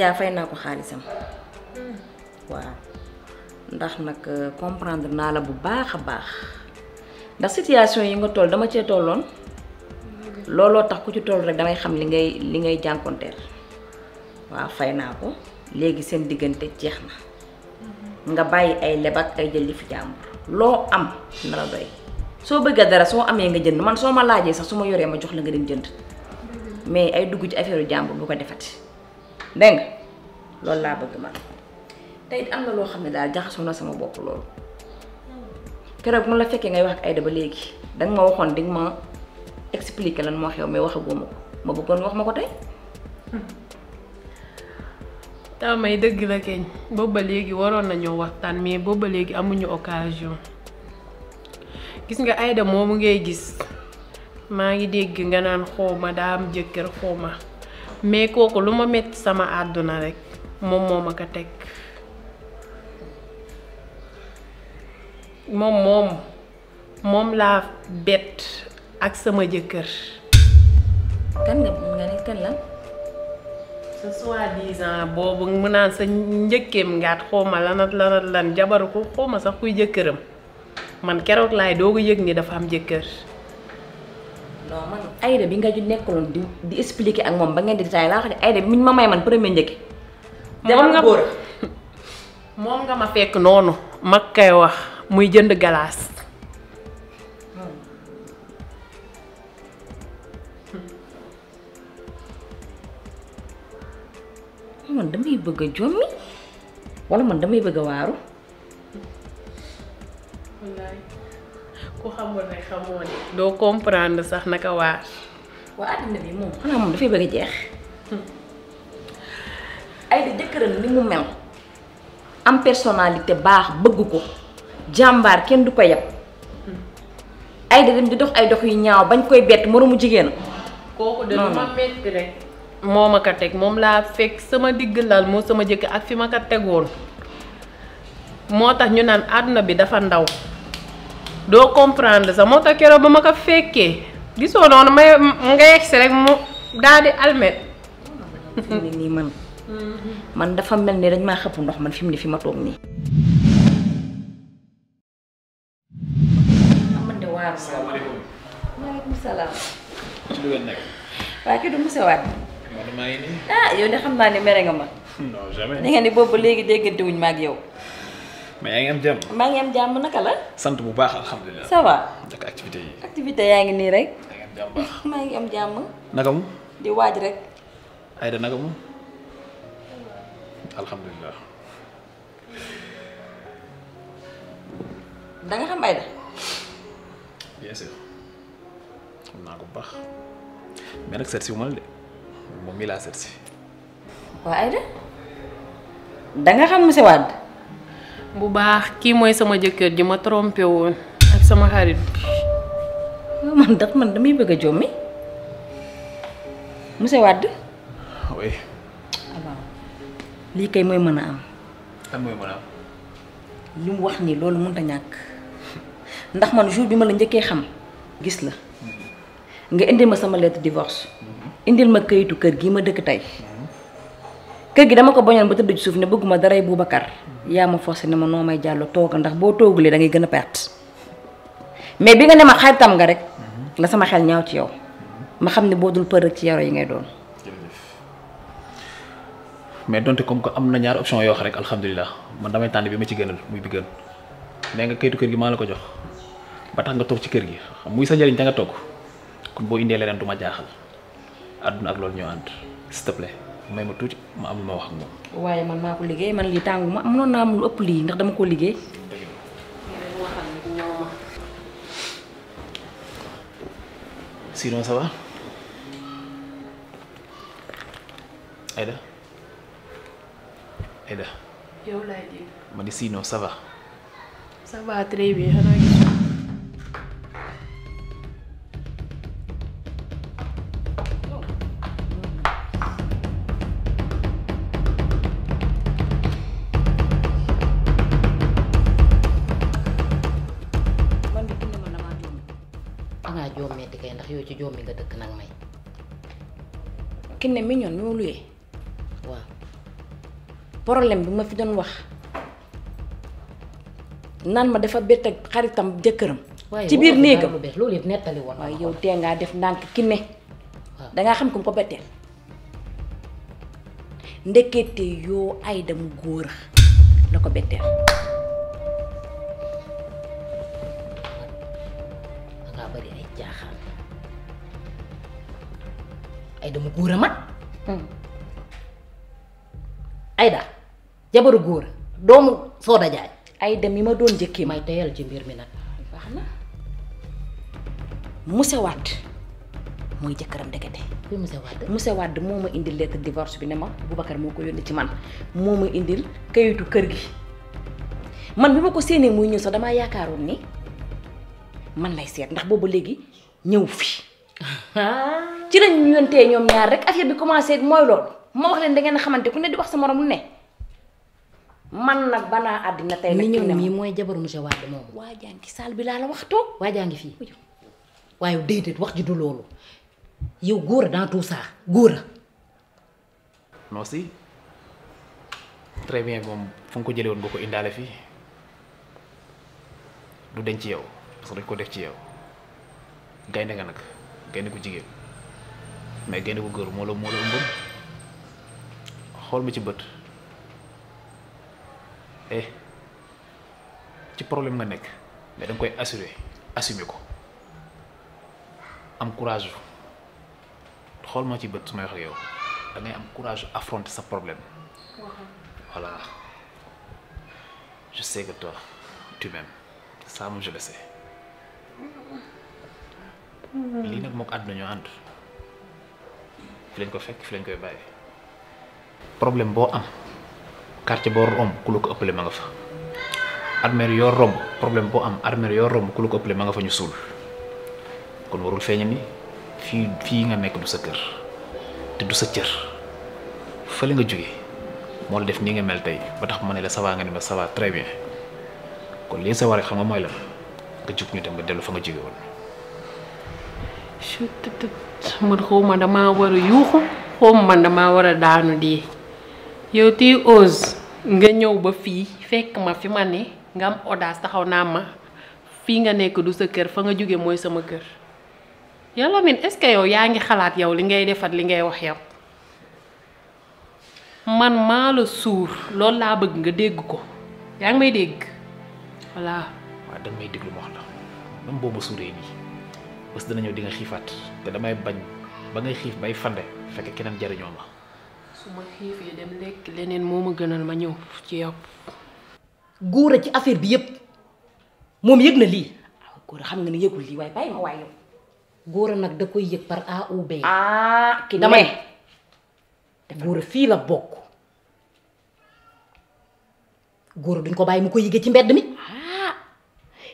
Adja fay naa ko xaalisam waaw ndax nag euh, comprendre naa la bu baax a baax ndax situation yi nga toll dama cee tolloon looloo tax ku ci toll rek damay xam li ngay li ngay jànkonteel waaw fay naa ko léegi seen diggante jeex na nga bàyyi ay lebak ay jël li fi jàmbur loo am na la doy soo bëggee dara soo amee nga jënd man soo ma laajee sax su ma yoree ma jox la nga dem jënd mais ay dugg ci affaire jàmbur bu ko defati dégg nga loolu laa bëgg man tey am na loo xam ne daal jaxasoo na sama bopp loolu keroog mu la fekkee ngay wax ak Aïda ba léegi danga ma waxoon di ma expliquer lan moo xew mais waxagoo ma ko ma bëggoon wax ma ko tey. taa may dëgg la keñ boobu ba léegi waroon nañoo waxtaan mais boobu ba léegi amuñu occasion gis nga ayda moomu ngay gis maa ngi dégg nga naan xaw ma daa am jëkkër xaw mais kooku lu ma metti sama àdduna rekk moom moo ma ko teg moom moom laa bett ak sama jëkkër. kan nga nga ne kan sa soi-disant boobu mu naan sa njëkkeem ngaat xooma lanat lanat lan jabaru ko xooma sax kuy jëkkëram man keroot laay doo ko yëg ni dafa am jëkkër. non man Aïda bi nga ju nekkul di di expliquer ak moom ba ngeen di détaillé laa xam ne Aïda ma may man premier njëkk. moom nga góor moom nga ma fekk noonu. mak koy wax muy jënd galas hmm. man damay bëgg a jommi wala man damay bëgg waru ku xamul ne xamoo Do comprendre sax naka waar waa àddina bi moom xanaa moom dafay bëgg jeex ay ni mu mel am personnalité baax bëgg ko jàmbaar kenn du ko yeb ay da dem di dox ay dox yu ñaaw bañ koy bett moroomu jigéen kooku de ma rek sama digg lal sama jëkk ak fi ma ko tegoon moo ñu bi dafa ndaw Do comprendre sa mota tax keroog ba ma ko fekkee gisoo may nga yegsi rek mu daal di almet ni nii man man dafa melni dañ ma xëpp ndox man fimni mu ne fi ma toog nii man de waaru salaamaaleykum salam ci lu nek nekk du musse Wade ah yow de xam naa ne mere nga ma non jamais ni nga ni bobu legui déggante wuñ ma ak yow mais yaa ngi am jàmm. maa ngi am jàmm naka la. sant bu baax alhamdulilah. ça va. naka activité yi. activité yaa ngi nii rek. yaa ngi am jàmm naka mu. di waaj rek. Aïda naka mu. alhamdulilah. da nga xam iya, Aïda. bien sûr. xam naa ko bu baax mais nag seet si wu ma la de moom mii laa seet si. waa Aïda da nga xam kan, monsieur Wade bu baax ki moy sama jëkkeer ji ma trompé woon ak sama xarit bi man dax man damay bëgg jommi musse wad oui aba li kay moy mëna am tam moy mëna am li wax ni loolu ta ñak ndax man jour bi ma la ñëkke xam gis la mhm. nga indi ma sama lettre divorce indil mhm. ma kayitu kër gi ma dëkk tay mhm. kër gi dama ko boñal ba tuddu ci suuf ne bëgguma daray Boubacar Ya ma forcé ne ma no may jallo tooga ndax bo toogulee da ngay gëna perte mais bi nga né ma tam nga rek la sama xel ñaaw ci yow ma xamné bo dul peur rek ci yaro yi ngay doon mais donte comme ko am na ñaar option yo wax rek alhamdullilah man damay bi ma ci gënal muy bi gën nee nga kayitu kër gi ma la ko jox ba tax nga tok ci kër gi muy sa jëriñ da nga tok kon bo indé leneen duma jaaxal aduna ak lool ñu ant s'il te plaît may ma tuti ma am luma wax ak mom waye man mako liggey man li tàngu ma non na am lu upp li ndax dama ko liggéey. sinon ça va Aïda Aïda. yow lay di ma ne sinon ça va. ça va très bien xanaa problème bi ma fi doon wax nan ma dafa bet ak xaritam jëkkëram. ci biir néegam lolou yëpp netali won way yow tee ngaa def ndànk ki ne. da nga xam kum ko betel ndekete yo ay damu goor lako betel nga bari ay jaxam ay damu goor a mat. Hmm. Aida jabaru gur, doomu Soda Jaay ay dem yi ma don jekki may tayal ci mbir mi nak baxna musse wat moy mooy musse wat musse wat moma indil lettre divorce bi nema bu bakkar moko yoni ci man moma indil kayitu keur gi man bima ko sene moy ñew sax dama ni man lay seet ndax bobu nyufi. ñew fi ah. ci lañ ñu yontee ñoom ñaar rek affaire bi commencé moy lool mo wax leen da ngeen xamanté ku ne di wax sa morom ne man nak bana adina tay nak ñëw mi moy mooy jabaru monsieur Wade waktu. waajaa ngi bi la la wax tok wajangi fi wayu waaye wax ji du lolu yow goor dans tout ça goor no si très bien mom fu ko jele won nga indale fi du denc ci yow parce que dañ ko def ci yow gaynde nga nak gaynde ko jigeen mais gaynde ko goor mo lo mo lo xol ma ci beut eh ci problème nga mais donc nga koy assurer assumer ko am courage xol ma ci beut wax yow courage affronter ce problème voilà je sais que toi tu m'aimes ça moi je le sais Il nag je ko àdduna fi lañ ko fekk fi lañ koy problème bon. am quartier bo rom kulu ko ëppale ma nga fa armer yo rom problème bo am armer yo rom kulu ko ma nga fa ñu sul kon warul feñ ni fi fi nga nek du sa kër te du sa cër fa nga joggé mo def ni nga mel tay ba tax mané la sawa nga ni sa wa très bien kon li sa waré xam nga moy la nga juk ñu dem nga delu fa nga joggé won dama wara man dama di yow ti nga ñëw ba fii fekk ma fi ma ne nga am audace taxaw naa ma fii nga nekk du sa kër fa nga jóge mooy sama kër yow Lamine est-ce que yow yaa ngi xalaat yow li ngay defat li ngay wax yow man maa la suur loolu laa bëgg nga dégg ko yaa ngi may dégg voilà. waaw da nga may déglu ma wax la même boo ma suuree nii bés dana ñëw di nga xiifaat te damay bañ ba ngay xiif bay fande fekk keneen jariñoo ma. su ma xiifee dem lekk leneen moo ma gënal ma ñëw ci yow. góor ci affaire bi yëpp moom yëg na lii ah a xam nga ne yëgul lii waaye bàyyi ma waaye yow góor nag da koy yëg par A ou B. Ah, ki damay góor a fii la bokk góor duñ ko bàyyi mu koy yëgee ci mbedd mi. Ah,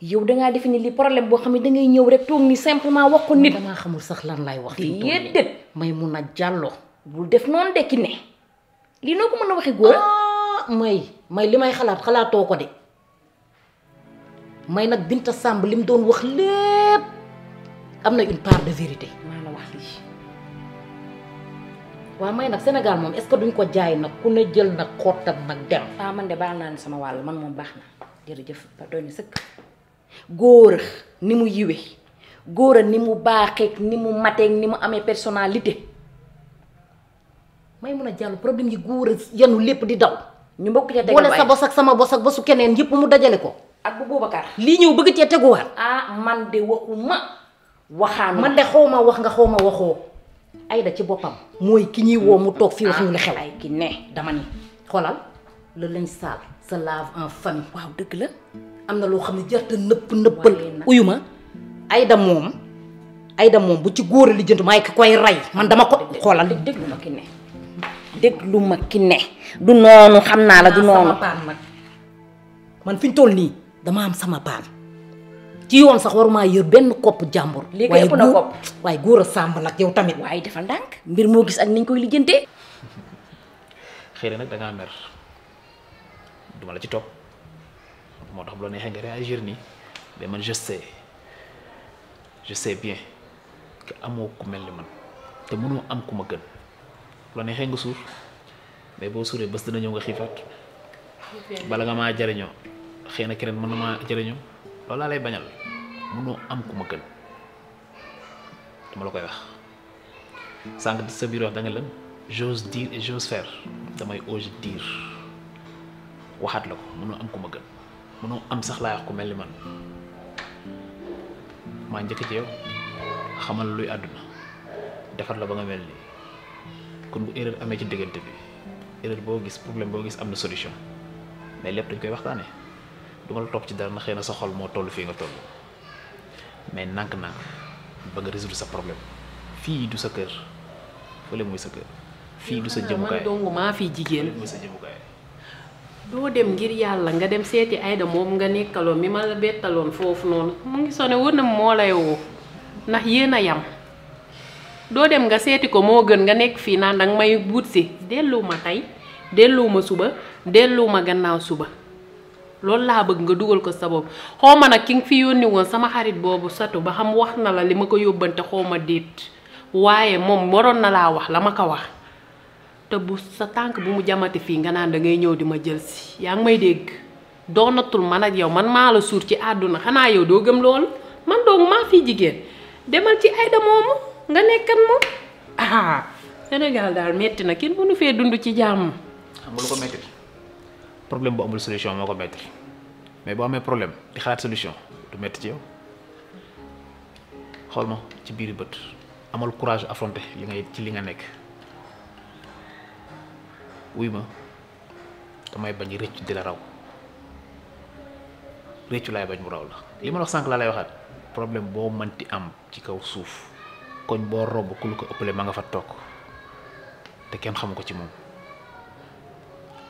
yow dangaa defe ni li problème boo xam ne dangay ñëw rek toog ni simplement wax ko nit. damaa xamul sax lan lay wax. te yéen may mun a jàlloo. bul def non de Kiné li noo ko mën a waxee góor ah, may may limay xalat xalato ko de may nak Binta Samb lim doon wax lepp amna une part de vérité mala wax li wa may nak senegal mom est-ce duñ ko jaay nak ku ne jël nak xottal nak dem ah man de bal nan sama wal man mom baxna jere jërëjëf ba doy na sëkk góor ni mu yiwe góor ni mu baxek ni mu mateeg ni mu amé personnalité may mun a jàll problème yi góor a yenu lépp di daw. ñu bokk ca boole sa bos ak sama bosag ak bosu keneen yëpp mu dajale ko. ak bu Boubacar. lii ñëw bëgg cee teguwaat. ah man de waxuma waxaanu man de xaw ma wax nga xaw ma waxoo. ay da ci boppam. mooy ki ñuy woo mu toog fii wax ñu li xew. ay ki ne dama ni xoolal la lañ saal sa lave en famille. waaw dëgg na loo xam ne jarta nëpp nëppal. uyu ma Aida moom. ay Aida moom bu ci góor a lijjanti maay ki koy rey man dama ko. xoolal déglu ma ki ne. lu ma ki ne du noonu xam naa la du noonu man fi ñu toll nii dama am sama paan ci yoon sax waruma yër benn kopp jàmbur waaye góor a sàmb nag yow tamit waaye defal ndànk mbir moo gis ak niñ koy lijjantee xëy na nag dangaa mer duma la ci topp moo tax bu la neexee nga réagir nii mais man je sais bien que amoo ku mel ni man te mënoo am ku ma gën la neexee nga suur mais boo suuree bés dina ñëw nga xiifaat bala nga maa jariñoo xëy na keneen mën na maa jariñoo loolu lay bañal mënoo am ku ma gën dama koy wax sànq sa da nga lan j'ose dire et j'ose waxaat la ko mënoo am ku ma am sax laa wax ku mel ni man maa njëkk ci yow xamal luy àdduna defar la ba nga mel nii kon bu erreur amé ci digënté bi erreur bo gis problème bo gis amna solution mais lepp dañ koy waxtané du ma la topp ci dara na xëy sa xol mo tollu fi nga toll mais nank nànk ba nga résoudre sa problème fi du sa cœur fele moy sa cœur fi du sa jëm kay dong ma fi jigen do dem ngir yalla nga dem ay da mom nga nekkalo mi ma la bettaloon foofu noonu mu ngi sone wër na lay wo ndax yéen yam doo dem nga seeti ko moo gën nga nekk fii naan danga may wut si delloo ma tey delloo ma suba delloo ma gannaaw suba loolu laa bëgg nga dugal ko sa bopp xaw ma nag ki nga fi yónni woon sama xarit boobu satu ba xam wax na la li ma ko yóbbante xaw ma déet waaye moom waroon na laa wax la ma ko wax te bu sa tànk bu mu jamati fii nga naan dangay ñëw di ma jël si yaa ngi may dégg. doonatul man ak yow man maa la suur ci àdduna xanaa yow doo gëm loolu man doomu maa jigéen nga nekk mo moom ah gal dal metti na kenn mënu fe dundu ci jàmm. xam lu ko metti problème bu amul solution mako metti mais bo amé problème di xalat solution du metti ci yow xol mo ci biir beut amal courage affronter li ngay ci li nga nek wuy ma damay bañ recc di la raw rëccu lay bañ mu raw la li wax sank la lay waxat problème man ti am ci kaw souf koñ boo romb ku lu ko ëppale ma nga fa toog te kenn xamu ko ci moom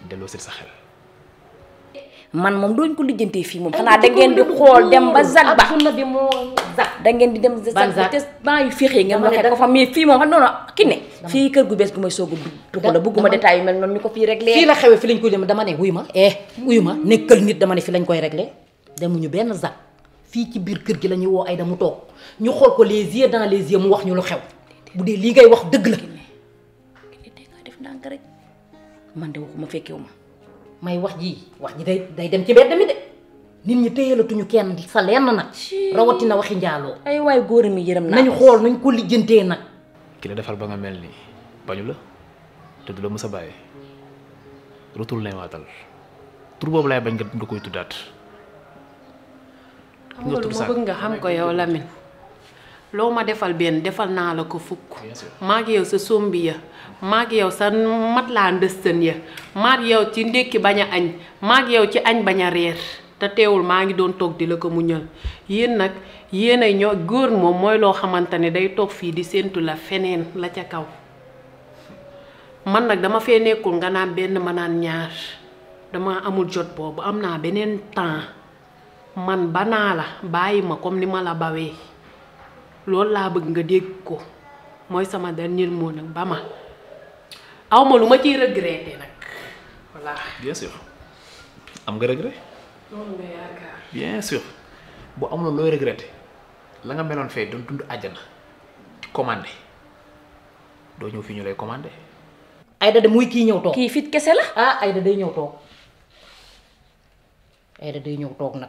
delloo si sa xel. man moom dooñ ko lijjantee fii moom. xanaa da ngeen di xool dem ba zag ba da ngeen di dem zag ba te maa yu féexee ngeen waxee fa mais fii moom xam noonu ki ne fii kër gu bees gu may soog a dugg la bëgguma détails yu mel noonu ñu ko fii réglé fii la xewee fi lañ koy dem dama ne wuyu ma eh wuyu ma mm. nekkal nit dama ne fi lañ koy réglé demuñu benn zag fi ci bir kër gi lañu wo ay Aïda tok ñu xol ko les yeux dans les yeux mu wax ñu lu xew bu dee li ngay wax deug la. nga def dank rek man de waxuma fekkewu ma may wax ji wax ji day day dem ci mbedd de nit ñi téyelatuñu kenn sa lenn rawati rawatina waxi ndialo ay way goor mi yeeram na nañu xol nañ ko lijeenté nak ki la defal ba nga melni bañu la te du la mësa bayé rutul lay tur bobu lay bañ nga koy tuddaat. xam nga lu ma bëgg nga xam ko yow Lamine loo ma defal benn defal naa la ko fukk maa ngi yow sa sombi ya maa ngi yow sa mat laa ndëstën ya maa ngi yow ci ndékki bañ a añ maa ngi yow ci añ bañ a reer te teewul maa ngi doon toog di la ko muñal yéen nag yéen ay ñoo góor moom mooy loo xamante ne day toog fii di séentu la feneen la ca kaw man nag dama fee nekkul nga naan benn ma naan ñaar dama amul jot boobu am naa beneen temps man banaa la bàyyi ma comme ni ma la bawee loolu laa bëgg nga dégg ko mooy sama dernier mot nag ba ma aw ma lu ma ciy regretté nag bien sûr am nga regret. loolu nga bien sûr bu amuloon looy regretté la nga meloon fee doon dund àjjana ci commandé doo ñëw fii ñu lay commandé. Aïda muy kii ñëw toog. kii fit ah, day ñëw toog Aïda day ñëw toog nag.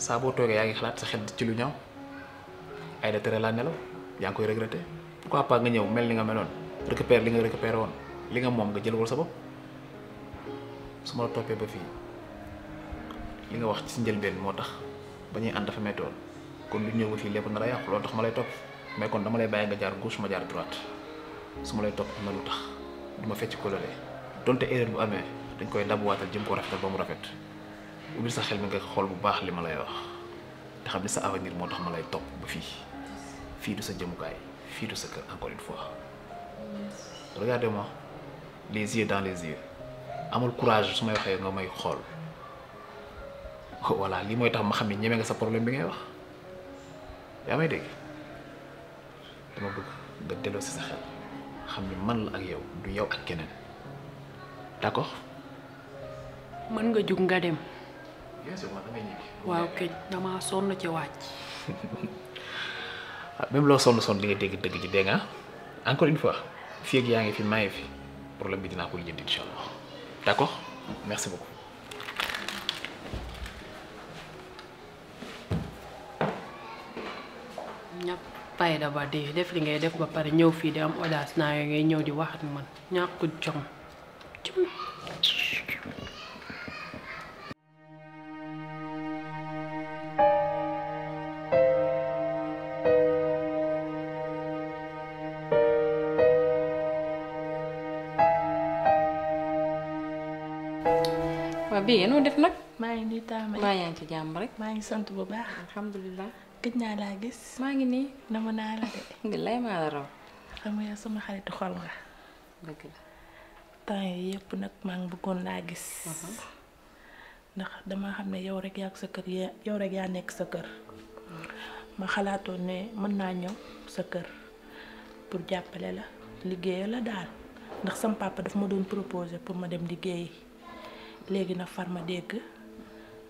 Sabu boo toogee yaa ngi sa xel ci lu ñaaw ay da tere la nelaw yaa ngi koy regretter pourquoi pas nga mel ni nga meloon récupérer li nga récupérer woon li nga moom nga jël wal sa bopp su ma la toppee ya, ba fii li nga wax ci njëlbeen moo tax ba ñuy ànd dafa métti kon lu ñëw ba fii na la yàqu loolu tax ma lay kon dama lay nga jaar gauche ma jaar droite na du ma fecc coloré donte erreur bu amee dañ koy jëm ko rafetal ba mu rafet ubbil sa xel mi nga xol bu baax li malay wax te xamni sa avenir moo tax ma lay topp fi fii du sa jëmukaay fi du sa kër encore une fois regardez-moi les yeux dans les yeux amul courage sumay waxe nga may xol wala li moy tax ma xamni ne nga sa problème bi ngay wax ya may dégg dama bëgg nga délo ci sa xel xamni man la ak yow du yow ak keneen d'accord man nga jug nga dem waaw këj damaa sonn ci wàcc. Ah, même loo sonn sonn di nga dégg dëgg ji dégg nga encore une fois fii ak yaa ngi fi maye fi problème bi dinaa ko lijjanti incha allah d'accord merci beaucoup. ñàkk def li ngay def ba pare ñëw fii di am audace naa yooyu ngay ñëw di wax ak man ñàkk jom. bii noo def nag. maa ngi nii Tamba maa yaa ngi ci jàmm rek. maa ngi sant bu baax. alhamdulilah. gëj naa laa gis. maa ngi nii. nama naa la de. billaay maa la raw. xam nga sama xaritu xol nga. dëgg la. temps yii yëpp nag ngi bëggoon laa gis. ndax dama xam ne yow rek yaa sa kër yow rek yaa nekk sa kër. ma xalaatoon ne mën naa ñëw sa kër pour jàppale la la daal ndax papa daf ma doon proposé pour ma dem liggéeyi légui na farmadege, dégg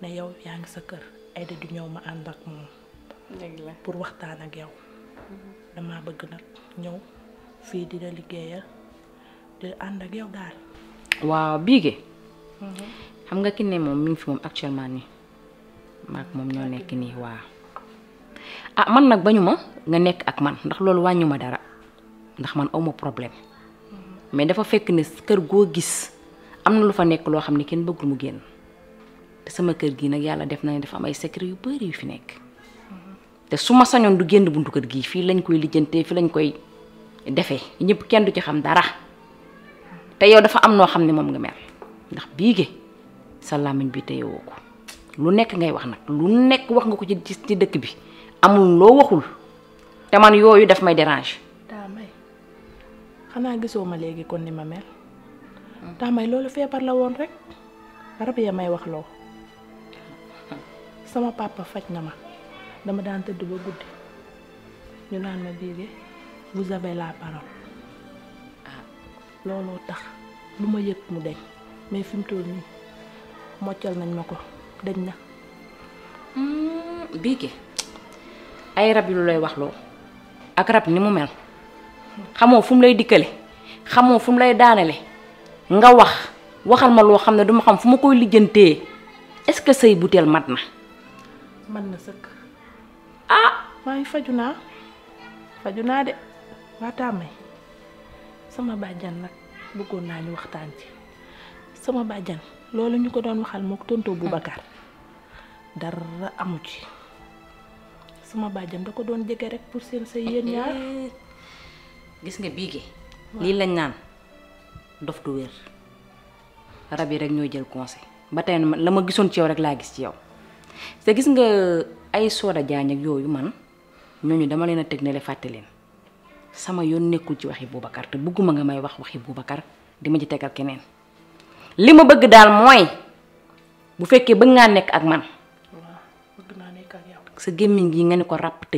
né yow yaa sa kër da du ñëw ma and ak la pour waxtaan ak yow mhm. dama bëgg nak ñëw fi di la liggéeyal di and ak yow daal waaw biige mhm. xam nga ki ne moom mi ngi fi moom actuellement nii maak moom ñoo nekk nii waaw ah man nag bañu ma nga nekk ak man ndax loolu dara ndax man awma problème mhm. mais dafa fekk ne kër goo gis amna lu fa nek lo xamni ken beugul mu genn te sama kër gi nak yalla def na def am ay secret yu beuri yu fi nek te suma sañon du genn buntu kër gi fi lañ koy lijeenté fi lañ koy defee ñepp kenn du ci xam dara te yow dafa am no xamni mom nga mel ndax bi ge sa bi te yowoo ko lu nek ngay wax nak lu nek wax nga ko ci ci dekk bi amul lo waxul te man yoyu daf may dérange. may xana légui kon ni ma mel. ndax may loolu feebar la woon rek rab ya may wax loo sama papa faj na ma dama daan tëdd ba guddi ñu naan ma biige vous la parole ah looloo tax lu ma yëg mu deñ mais fi mu toll nii moccal nañ ma ko deñ na hmm, biige ay rab yu lu lay wax loo ak rab ni mu mel xamoo fu mu lay dikkale xamoo fu mu lay daanale nga wax waxal ma lo xamne duma xam fuma koy lijeenté est-ce que sey boutel matna na. mat na sëkk. ah waaye fajuna fajuna de sama badjan nak bëggon na ñu waxtaan ci sama badjan loolu ñuko doon waxal mok tonto bu Bakar dara amu ci sama badjan da ko doon jégué rek pour seen sey yeen ñaar. Eh, gis nga bii gi lañ nane dof du wer rab rek ñoy jël conseil ba tay la ma gisoon ci yow rek la gis ci yow te gis nga ay soda ak yoyu man ñoñu dama leena tek ne le sama yon nekkul ci waxi bubakar te bëgguma nga may wax waxi bubakar di ma ci tegal keneen lima bëgg dal moy bu fekke bëgg nga nek ak man sa gi nga ne ko rap